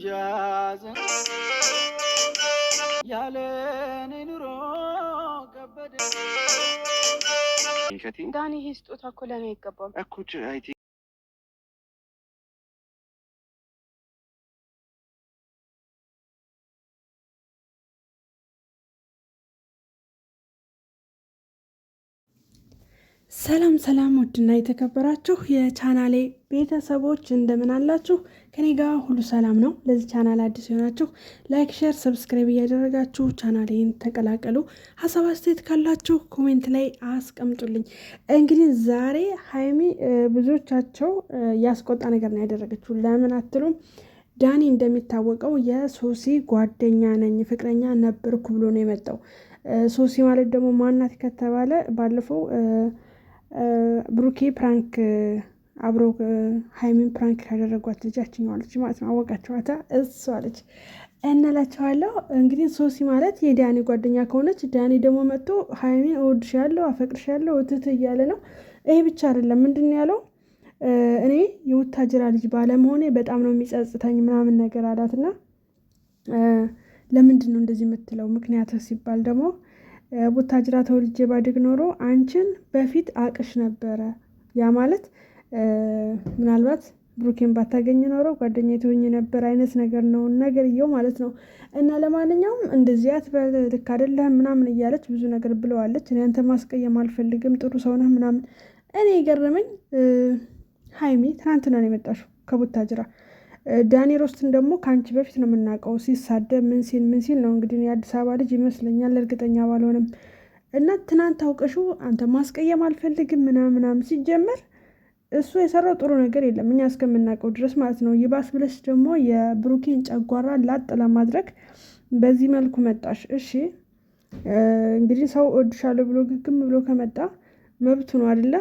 እንጂ ሐዘን ያለኔ ኑሮ ከበደ። ዳኒ ይሄ ስጦታ እኮ ለእኔ አይገባም እኮ ሰላም ሰላም፣ ውድና የተከበራችሁ የቻናሌ ቤተሰቦች እንደምን አላችሁ? ከኔ ጋ ሁሉ ሰላም ነው። ለዚህ ቻናል አዲስ የሆናችሁ ላይክ፣ ሼር፣ ሰብስክራይብ እያደረጋችሁ ቻናሌን ተቀላቀሉ። ሀሳብ አስተያየት ካላችሁ ኮሜንት ላይ አስቀምጡልኝ። እንግዲህ ዛሬ ሀይሚ ብዙዎቻቸው ያስቆጣ ነገር ነው ያደረገችው። ለምን አትሉም? ዳኒ እንደሚታወቀው የሶሲ ጓደኛ ነኝ ፍቅረኛ ነበርኩ ብሎ ነው የመጣው። ሶሲ ማለት ደግሞ ማናት ከተባለ ባለፈው ብሩኬ ፕራንክ አብሮ ሀይሚን ፕራንክ ካደረጓት ልጃችን ዋለች ማለት ነው። አወቃችኋታ እሱ አለች እንላቸዋለሁ። እንግዲህ ሶሲ ማለት የዳኒ ጓደኛ ከሆነች ዳኒ ደግሞ መጥቶ ሀይሚን እወድሻለሁ፣ አፈቅርሻለሁ እትት እያለ ነው። ይሄ ብቻ አይደለም። ምንድን ያለው? እኔ የውታጅራ ልጅ ባለመሆኔ በጣም ነው የሚጸጽተኝ ምናምን ነገር አላት እና ለምንድን ነው እንደዚህ የምትለው ምክንያት ሲባል ደግሞ ቡታጅራ ተወልጄ ባድግ ኖሮ አንቺን በፊት አቅሽ ነበረ። ያ ማለት ምናልባት ብሩኬን ባታገኝ ኖሮ ጓደኛ የተሆኝ ነበር አይነት ነገር ነው እየው ማለት ነው። እና ለማንኛውም እንደዚያ አትበል፣ ልክ አይደለህም ምናምን እያለች ብዙ ነገር ብለዋለች። እኔ አንተ ማስቀየም አልፈልግም፣ ጥሩ ሰው ነህ ምናምን። እኔ የገረመኝ ሀይሚ ትናንትና ነው የመጣሽው ከቡታጅራ ዳንኤል ሮስትን ደግሞ ከአንቺ በፊት ነው የምናውቀው ሲሳደብ ምን ሲል ምን ሲል ነው እንግዲህ የአዲስ አበባ ልጅ ይመስለኛል፣ እርግጠኛ ባልሆንም እና ትናንት አውቀሽው አንተ ማስቀየም አልፈልግም ምናምን ምናምን ሲጀመር እሱ የሰራው ጥሩ ነገር የለም እኛ እስከምናውቀው ድረስ ማለት ነው። ይባስ ብለሽ ደግሞ የብሩኬን ጨጓራ ላጥ ለማድረግ በዚህ መልኩ መጣሽ። እሺ እንግዲህ ሰው እወድሻለሁ ብሎ ግግም ብሎ ከመጣ መብቱ ነው አይደለ?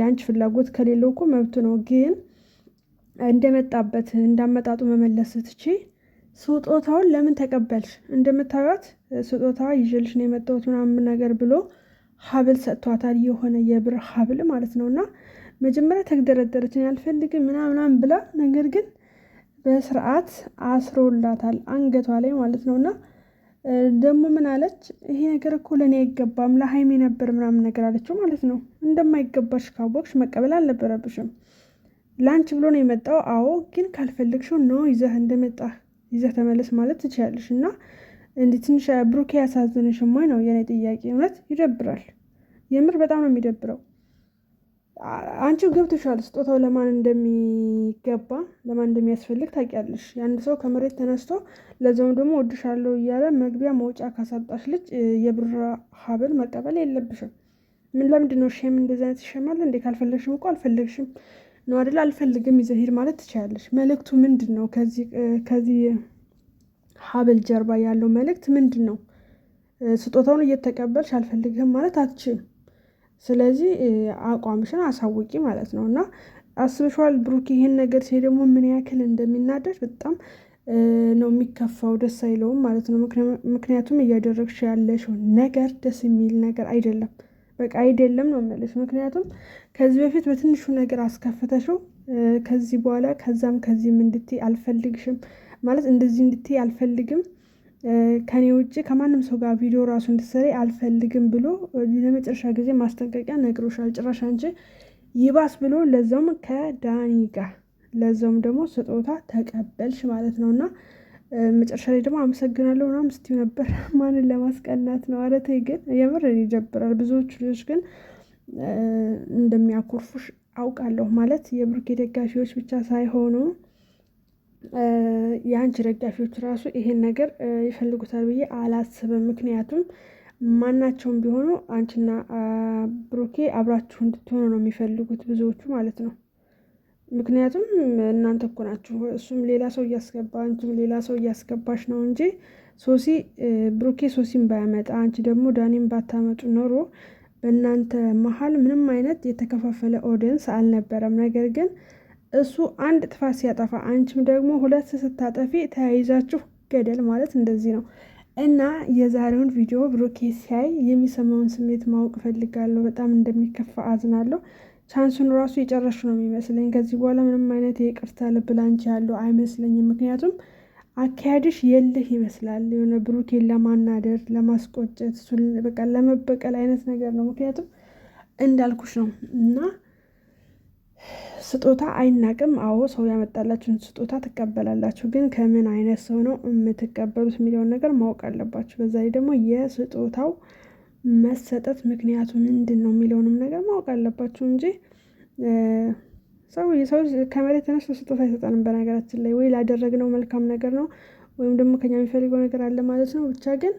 የአንቺ ፍላጎት ከሌለው እኮ መብቱ ነው ግን እንደመጣበት እንዳመጣጡ መመለስ ስትቼ ስጦታውን ለምን ተቀበልሽ? እንደምታዩት ስጦታ ይዤልሽ ነው የመጣሁት ምናምን ነገር ብሎ ሀብል ሰጥቷታል። የሆነ የብር ሀብል ማለት ነው። እና መጀመሪያ ተግደረደረች፣ አልፈልግም ምናምናም ብላ ነገር ግን በስርዓት አስሮላታል አንገቷ ላይ ማለት ነው። እና ደግሞ ምን አለች? ይሄ ነገር እኮ ለእኔ አይገባም ለሀይሜ ነበር ምናምን ነገር አለችው ማለት ነው። እንደማይገባሽ ካወቅሽ መቀበል አልነበረብሽም። ላንች ብሎ ነው የመጣው። አዎ ግን ካልፈለግሽው ነው ይዘህ እንደመጣ ይዘህ ተመለስ ማለት ትችላለሽ። እና እንዲ ትንሽ ብሩክ ያሳዝንሽ ሞኝ ነው የኔ ጥያቄ። እውነት ይደብራል። የምር በጣም ነው የሚደብረው። አንቺ ገብቶሻል፣ ስጦታው ለማን እንደሚገባ ለማን እንደሚያስፈልግ ታውቂያለሽ። የአንድ ሰው ከመሬት ተነስቶ ለዛውም ደግሞ ወድሻለሁ እያለ መግቢያ መውጫ ካሳጣሽ ልጅ የብር ሀብል መቀበል የለብሽም። ምን ለምንድን ነው ሼም? እንደዚህ አይነት ይሸማል እንዴ? ካልፈለግሽም እኮ አልፈለግሽም ነው አይደል? አልፈልግም ይዘህ ሂድ ማለት ትችላለች። መልእክቱ ምንድን ነው? ከዚህ ሀብል ጀርባ ያለው መልእክት ምንድን ነው? ስጦታውን እየተቀበልሽ አልፈልግህም ማለት አትችልም። ስለዚህ አቋምሽን አሳውቂ ማለት ነው። እና አስብሸዋል ብሩክ ይሄን ነገር ሲሄ ደግሞ ምን ያክል እንደሚናደድ በጣም ነው የሚከፋው። ደስ አይለውም ማለት ነው። ምክንያቱም እያደረግሽ ያለሽው ነገር ደስ የሚል ነገር አይደለም። በቃ አይደለም ነው የምልሽ። ምክንያቱም ከዚህ በፊት በትንሹ ነገር አስከፍተሽው ከዚህ በኋላ ከዛም ከዚህም እንድትይ አልፈልግሽም ማለት እንደዚህ እንድትይ አልፈልግም ከኔ ውጭ ከማንም ሰው ጋር ቪዲዮ ራሱ እንድትሰሪ አልፈልግም ብሎ ለመጨረሻ ጊዜ ማስጠንቀቂያ ነግሮሻል። ጭራሽ አንቺ ይባስ ብሎ ለዛውም ከዳኒ ጋር ለዛውም ደግሞ ስጦታ ተቀበልሽ ማለት ነው እና መጨረሻ ላይ ደግሞ አመሰግናለሁ ምናምን ስትይው ነበር። ማንን ለማስቀናት ነው? ኧረ ተይ ግን የምር ይጀብራል። ብዙዎቹ ልጆች ግን እንደሚያኮርፉሽ አውቃለሁ። ማለት የብሩኬ ደጋፊዎች ብቻ ሳይሆኑ የአንቺ ደጋፊዎች ራሱ ይሄን ነገር ይፈልጉታል ብዬ አላስብም። ምክንያቱም ማናቸውም ቢሆኑ አንቺና ብሩኬ አብራችሁ እንድትሆኑ ነው የሚፈልጉት ብዙዎቹ ማለት ነው። ምክንያቱም እናንተ እኮ ናችሁ፣ እሱም ሌላ ሰው እያስገባ አንቺም ሌላ ሰው እያስገባች ነው እንጂ ሶሲ ብሩኬ ሶሲን ባያመጣ አንቺ ደግሞ ዳኒን ባታመጡ ኖሮ በእናንተ መሀል ምንም አይነት የተከፋፈለ ኦዲየንስ አልነበረም። ነገር ግን እሱ አንድ ጥፋት ሲያጠፋ አንቺም ደግሞ ሁለት ስታጠፊ ተያይዛችሁ ገደል ማለት እንደዚህ ነው። እና የዛሬውን ቪዲዮ ብሩኬ ሲያይ የሚሰማውን ስሜት ማወቅ እፈልጋለሁ። በጣም እንደሚከፋ አዝናለሁ። ቻንሱን ራሱ የጨረሹ ነው የሚመስለኝ። ከዚህ በኋላ ምንም አይነት የቅርታ ልብ ላንቺ ያለው አይመስለኝም። ምክንያቱም አካሄድሽ የልህ ይመስላል የሆነ ብሩኬን ለማናደር ለማስቆጨት፣ እሱን በቃ ለመበቀል አይነት ነገር ነው። ምክንያቱም እንዳልኩሽ ነው እና ስጦታ አይናቅም። አዎ ሰው ያመጣላችሁን ስጦታ ትቀበላላችሁ፣ ግን ከምን አይነት ሰው ነው የምትቀበሉት የሚለውን ነገር ማወቅ አለባችሁ። በዛ ላይ ደግሞ የስጦታው መሰጠት ምክንያቱ ምንድን ነው የሚለውንም ነገር ማወቅ አለባችሁ እንጂ ሰው የሰው ከመሬት ተነስቶ ስጦታ አይሰጠንም። በነገራችን ላይ ወይ ላደረግነው መልካም ነገር ነው ወይም ደግሞ ከኛ የሚፈልገው ነገር አለ ማለት ነው። ብቻ ግን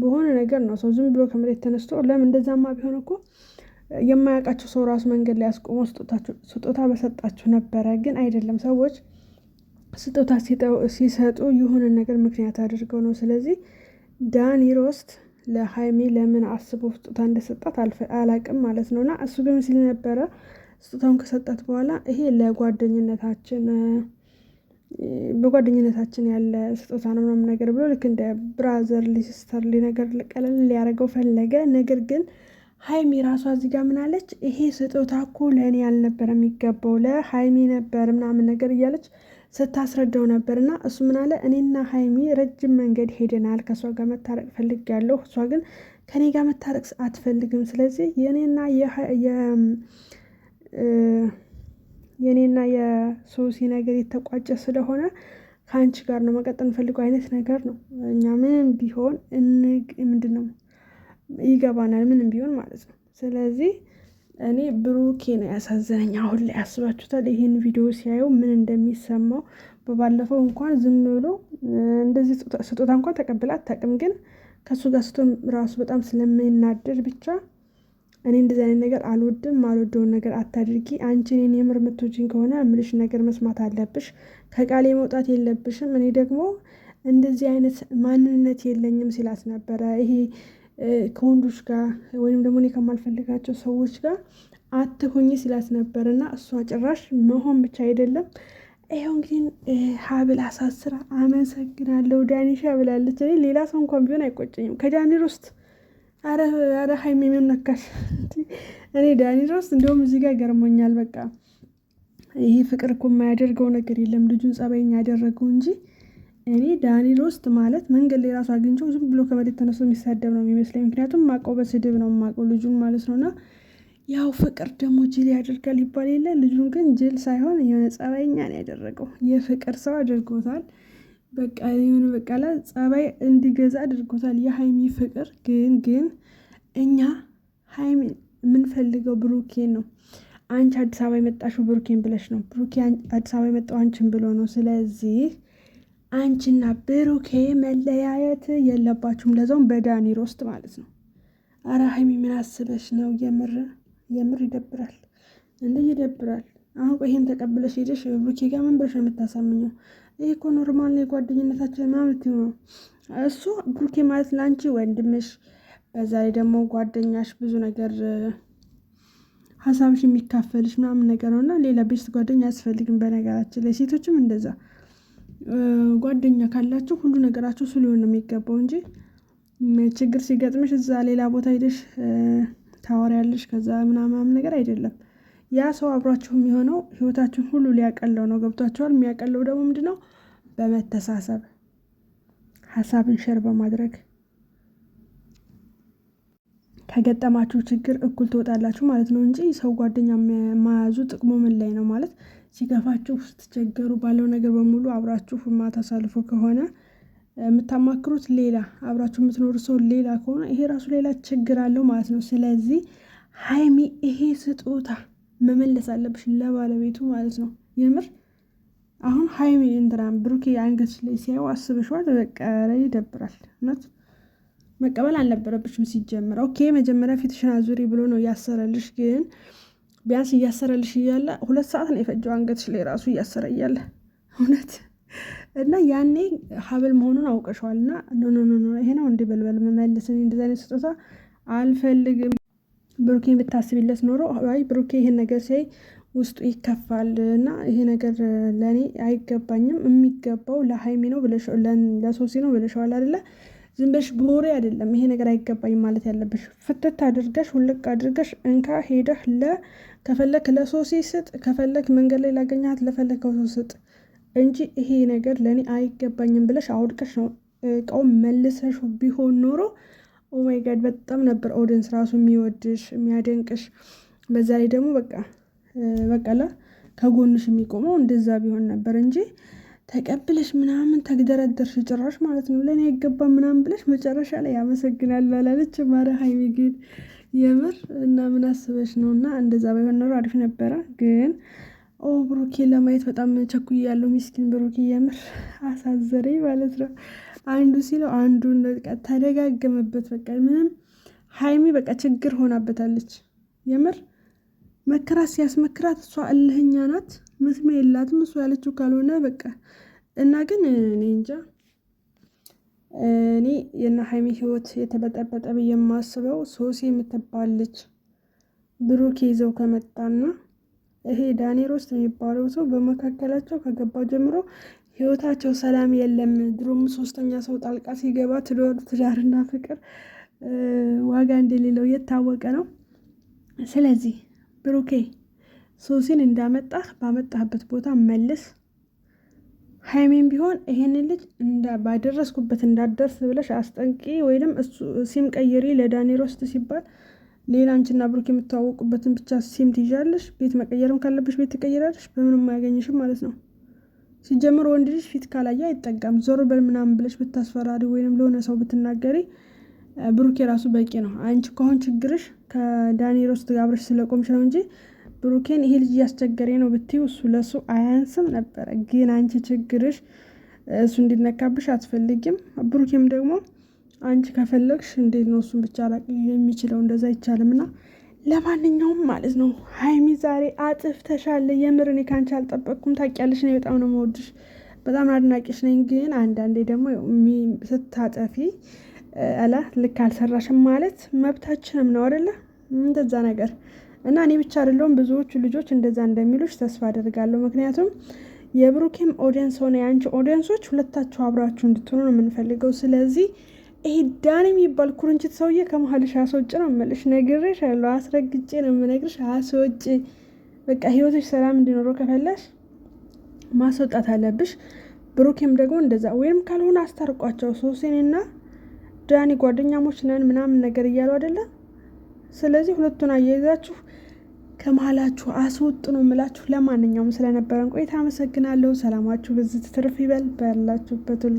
በሆነ ነገር ነው ሰው ዝም ብሎ ከመሬት ተነስቶ ለምን እንደዛማ ቢሆን እኮ የማያውቃቸው ሰው ራሱ መንገድ ላይ አስቆሞ ስጦታ በሰጣችሁ ነበረ። ግን አይደለም ሰዎች ስጦታ ሲሰጡ የሆነ ነገር ምክንያት አድርገው ነው። ስለዚህ ዳኒ ሮስት ለሀይሚ ለምን አስቦ ስጦታ እንደሰጣት አላቅም ማለት ነው። እና እሱ ግን ሲል ነበረ ስጦታውን ከሰጣት በኋላ ይሄ ለጓደኝነታችን በጓደኝነታችን ያለ ስጦታ ነው ምናምን ነገር ብሎ ልክ እንደ ብራዘር ሊስተር ሊነገር ቀለል ሊያደርገው ፈለገ። ነገር ግን ሀይሚ ራሷ እዚህ ጋር ምናለች፣ ይሄ ስጦታ እኮ ለእኔ ያልነበረ የሚገባው ለሀይሚ ነበር ምናምን ነገር እያለች ስታስረዳው ነበር እና እሱ ምን አለ እኔና ሀይሚ ረጅም መንገድ ሄደናል። ከእሷ ጋር መታረቅ ፈልግ ያለው እሷ ግን ከኔ ጋር መታረቅ አትፈልግም። ስለዚህ የኔና የኔና የሶሲ ነገር የተቋጨ ስለሆነ ከአንቺ ጋር ነው መቀጠል እንፈልገው አይነት ነገር ነው። እኛ ምንም ቢሆን ምንድን ነው ይገባናል፣ ምንም ቢሆን ማለት ነው። ስለዚህ እኔ ብሩኬ ነው ያሳዘነኝ። አሁን ላይ ያስባችሁታል፣ ይህን ቪዲዮ ሲያዩ ምን እንደሚሰማው። በባለፈው እንኳን ዝም ብሎ እንደዚህ ስጦታ እንኳን ተቀብላ አታውቅም፣ ግን ከእሱ ጋር ስቶ ራሱ በጣም ስለምናደድ ብቻ እኔ እንደዚህ አይነት ነገር አልወድም። አልወደውን ነገር አታድርጊ አንቺ እኔን የምር የምትወጂኝ ከሆነ ምልሽ ነገር መስማት አለብሽ። ከቃሌ መውጣት የለብሽም። እኔ ደግሞ እንደዚህ አይነት ማንነት የለኝም ሲላት ነበረ ይሄ ከወንዶች ጋር ወይም ደግሞ እኔ ከማልፈልጋቸው ሰዎች ጋር አትሁኝ ሲላት ነበር እና እሷ ጭራሽ መሆን ብቻ አይደለም ይኸው እንግዲህ ሀብል አሳስራ አመሰግናለሁ ዳኒሻ ብላለች። እኔ ሌላ ሰው እንኳን ቢሆን አይቆጨኝም ከዳኒር ውስጥ አረ ሀይሜ ምን ነካሽ? እኔ ዳኒር ውስጥ እንዲሁም እዚህ ጋር ገርሞኛል። በቃ ይህ ፍቅር እኮ የማያደርገው ነገር የለም ልጁን ጸባይኛ ያደረገው እንጂ እኔ ዳኒል ውስጥ ማለት መንገድ ላይ ራሱ አግኝቼው ዝም ብሎ ከመሬት ተነስቶ የሚሳደብ ነው የሚመስለኝ። ምክንያቱም ማቀው በስድብ ነው ማቀው ልጁን ማለት ነው። እና ያው ፍቅር ደግሞ ጅል ያደርጋል ይባል የለ ልጁን ግን ጅል ሳይሆን የሆነ ጸባይኛ ነው ያደረገው። የፍቅር ሰው አድርጎታል። በቃ የሆነ በቃላ ጸባይ እንዲገዛ አድርጎታል። የሀይሚ ፍቅር ግን ግን እኛ ሀይሚ የምንፈልገው ብሩኬን ነው። አንቺ አዲስ አበባ የመጣሽው ብሩኬን ብለሽ ነው። ብሩኬ አዲስ አበባ የመጣው አንቺን ብሎ ነው። ስለዚህ አንቺና ብሩኬ መለያየት የለባችሁም። ለዛውም በዳኒ ሮስት ማለት ነው። ኧረ ሀይሚ ምን አስበሽ ነው? የምር የምር ይደብራል፣ እንደ ይደብራል። አሁን ቆይ ይሄን ተቀብለሽ ሄደሽ ብሩኬ ጋር ምን ብለሽ ነው የምታሳምኘው? ይህ እኮ ኖርማል ነው፣ የጓደኝነታችን ማለት ነው። እሱ ብሩኬ ማለት ለአንቺ ወንድምሽ፣ በዛ ላይ ደግሞ ጓደኛሽ፣ ብዙ ነገር ሀሳብሽ የሚካፈልሽ ምናምን ነገር ነው እና ሌላ ቤስት ጓደኛ አያስፈልግም። በነገራችን ላይ ሴቶችም እንደዛ ጓደኛ ካላችሁ ሁሉ ነገራችሁ ስሉ ነው የሚገባው እንጂ ችግር ሲገጥምሽ እዛ ሌላ ቦታ ሄደሽ ታወሪያለሽ ከዛ ምናምናም ነገር አይደለም። ያ ሰው አብሯችሁ የሚሆነው ህይወታችሁን ሁሉ ሊያቀለው ነው። ገብቷችኋል? የሚያቀለው ደግሞ ምንድነው ነው? በመተሳሰብ ሀሳብን ሸር በማድረግ ከገጠማችሁ ችግር እኩል ትወጣላችሁ ማለት ነው እንጂ ሰው ጓደኛ መያዙ ጥቅሙ ምን ላይ ነው ማለት ሲከፋችሁ፣ ስትቸገሩ ባለው ነገር በሙሉ አብራችሁ ማታሳልፎ ከሆነ የምታማክሩት ሌላ አብራችሁ የምትኖሩ ሰው ሌላ ከሆነ ይሄ ራሱ ሌላ ችግር አለው ማለት ነው። ስለዚህ ሀይሚ ይሄ ስጦታ መመለስ አለብሽ ለባለቤቱ ማለት ነው። የምር አሁን ሀይሚ እንትናን ብሩኬ አንገት ላይ ሲያየው አስበሽዋል። በቃ ይደብራል። እውነት መቀበል አልነበረብሽም ሲጀምር። ኦኬ መጀመሪያ ፊትሽን አዙሪ ብሎ ነው ያሰረልሽ ግን ቢያንስ እያሰረልሽ እያለ ሁለት ሰዓት ነው የፈጀው አንገትሽ ላይ ራሱ እያሰረ እያለ እውነት እና ያኔ ሀብል መሆኑን አውቀሸዋል። እና ኖኖኖ ይሄ ነው እንዲህ በልበል መመልስ እንደዚ አይነት ስጦታ አልፈልግም። ብሩኬን ብታስቢለት ኖሮ ይ ብሩኬ ይሄን ነገር ሲያይ ውስጡ ይከፋል እና ይሄ ነገር ለእኔ አይገባኝም፣ የሚገባው ለሀይሚ ነው ለሶሲ ነው ብለሸዋል አደለ ዝም ብለሽ በወሬ አይደለም ይሄ ነገር አይገባኝም ማለት ያለብሽ። ፍትት አድርገሽ ሁልቅ አድርገሽ እንካ ሄደህ ለ ከፈለክ ለሶሲ ስጥ፣ ከፈለክ መንገድ ላይ ላገኛት ለፈለከው ሰው ስጥ እንጂ ይሄ ነገር ለእኔ አይገባኝም ብለሽ አውድቀሽ ነው እቃውን መልሰሽ ቢሆን ኖሮ ኦማይ ጋድ በጣም ነበር ኦዲየንስ ራሱ የሚወድሽ የሚያደንቅሽ። በዛ ላይ ደግሞ በቃ በቃላ ከጎንሽ የሚቆመው እንደዛ ቢሆን ነበር እንጂ ተቀብለሽ ምናምን ተግደረደርሽ ጭራሽ ማለት ነው ለእኔ ይገባ ምናምን ብለሽ መጨረሻ ላይ ያመሰግናል አላለች ማረ ሀይሚ ግን የምር እና ምን አስበሽ ነው እና እንደዛ ባይሆን ኖሮ አሪፍ ነበረ ግን ኦ ብሩኬ ለማየት በጣም ቸኩዬ ያለው ሚስኪን ብሩኬ የምር አሳዘረኝ ማለት ነው አንዱ ሲለው አንዱ በቃ ተደጋገመበት በቃ ምንም ሀይሚ በቃ ችግር ሆናበታለች የምር መከራ ሲያስመክራት እሷ እልህኛ ናት። ምስሜ የላትም እሷ ያለችው ካልሆነ በቃ እና ግን እኔ እንጃ እኔ የእነ ሀይሚ ህይወት የተበጠበጠ ብዬ የማስበው ሶሲ የምትባለች ልጅ ብሩክ ይዘው ከመጣና ይሄ ዳኒ ሮስት የሚባለው ሰው በመካከላቸው ከገባ ጀምሮ ህይወታቸው ሰላም የለም። ድሮም ሶስተኛ ሰው ጣልቃ ሲገባ ትዳር ትዳርና ፍቅር ዋጋ እንደሌለው የታወቀ ነው። ስለዚህ ብሩኬ ሶሲን እንዳመጣህ ባመጣህበት ቦታ መልስ። ሀይሜን ቢሆን ይሄንን ልጅ ባደረስኩበት እንዳደርስ ብለሽ አስጠንቂ፣ ወይም ሲም ቀይሪ ለዳኒ ሮስት ሲባል ሌላ አንቺና ብሩክ የምታዋወቁበትን ብቻ ሲም ትይዣለሽ። ቤት መቀየርም ካለብሽ ቤት ትቀይራለሽ። በምንም አያገኝሽም ማለት ነው። ሲጀምር ወንድ ልጅ ፊት ካላየ አይጠጋም። ዞር በል ምናምን ብለሽ ብታስፈራሪ ወይንም ለሆነ ሰው ብትናገሪ ብሩኬ ራሱ በቂ ነው። አንቺ ከሆን ችግርሽ ከዳኒ ሮስት ጋር አብረሽ ስለቆምሽ ነው እንጂ ብሩኬን ይሄ ልጅ እያስቸገሬ ነው ብትይው እሱ ለሱ አያንስም ነበረ። ግን አንቺ ችግርሽ እሱ እንዲነካብሽ አትፈልጊም። ብሩኬም ደግሞ አንቺ ከፈለግሽ እንዴት ነው እሱን ብቻ ላቅ የሚችለው? እንደዛ አይቻልም። እና ለማንኛውም ማለት ነው ሀይሚ ዛሬ አጥፍተሻል። የምር እኔ ካንቺ አልጠበቅኩም። ታውቂያለሽ፣ እኔ በጣም ነው መወድሽ፣ በጣም አድናቂሽ ነኝ። ግን አንዳንዴ ደግሞ ስታጠፊ አላ ልክ አልሰራሽም ማለት መብታችንም ነው አደለ? እንደዛ ነገር እና እኔ ብቻ አደለውም ብዙዎቹ ልጆች እንደዛ እንደሚሉሽ ተስፋ አደርጋለሁ። ምክንያቱም የብሩኬም ኦዲየንስ ሆነ የአንቺ ኦዲየንሶች ሁለታችሁ አብራችሁ እንድትሆኑ ነው የምንፈልገው። ስለዚህ ይሄ ዳን የሚባል ኩርንችት ሰውዬ ከመሀልሽ አስወጭ ነው የምልሽ። ነግሬሽ ያለው አስረግጬ ነው የምነግርሽ። አስወጭ በቃ ህይወትሽ ሰላም እንዲኖረው ከፈለሽ ማስወጣት አለብሽ። ብሩኬም ደግሞ እንደዛ ወይም ካልሆነ አስታርቋቸው ሶሴኔና ዳኒ ጓደኛሞች ነን ምናምን ነገር እያሉ አይደለ? ስለዚህ ሁለቱን አያይዛችሁ ከመሀላችሁ አስወጡ ነው የምላችሁ። ለማንኛውም ስለነበረን ቆይታ አመሰግናለሁ። ሰላማችሁ ብዝት ትርፍ ይበል በያላችሁበት ሁሉ